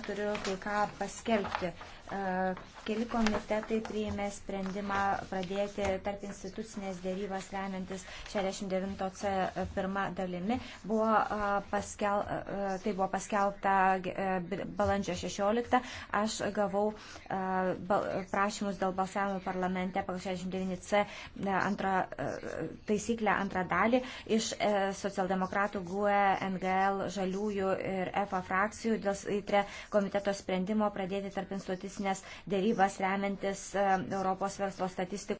klausimą turiu kai ką paskelbti. Keli komitetai priėmė sprendimą pradėti tarp institucinės dėrybas remiantis 69C pirmą dalimi. Buvo paskel, tai buvo paskelbta balandžio 16. Aš gavau prašymus dėl balsavimo parlamente pagal 69C antrą, taisyklę antrą dalį iš e, socialdemokratų GUE, NGL, Žaliųjų ir EFA frakcijų dėl įtrė komiteto sprendimo pradėti tarp institucinės dėrybas remiantis e, Europos verslo statistikos.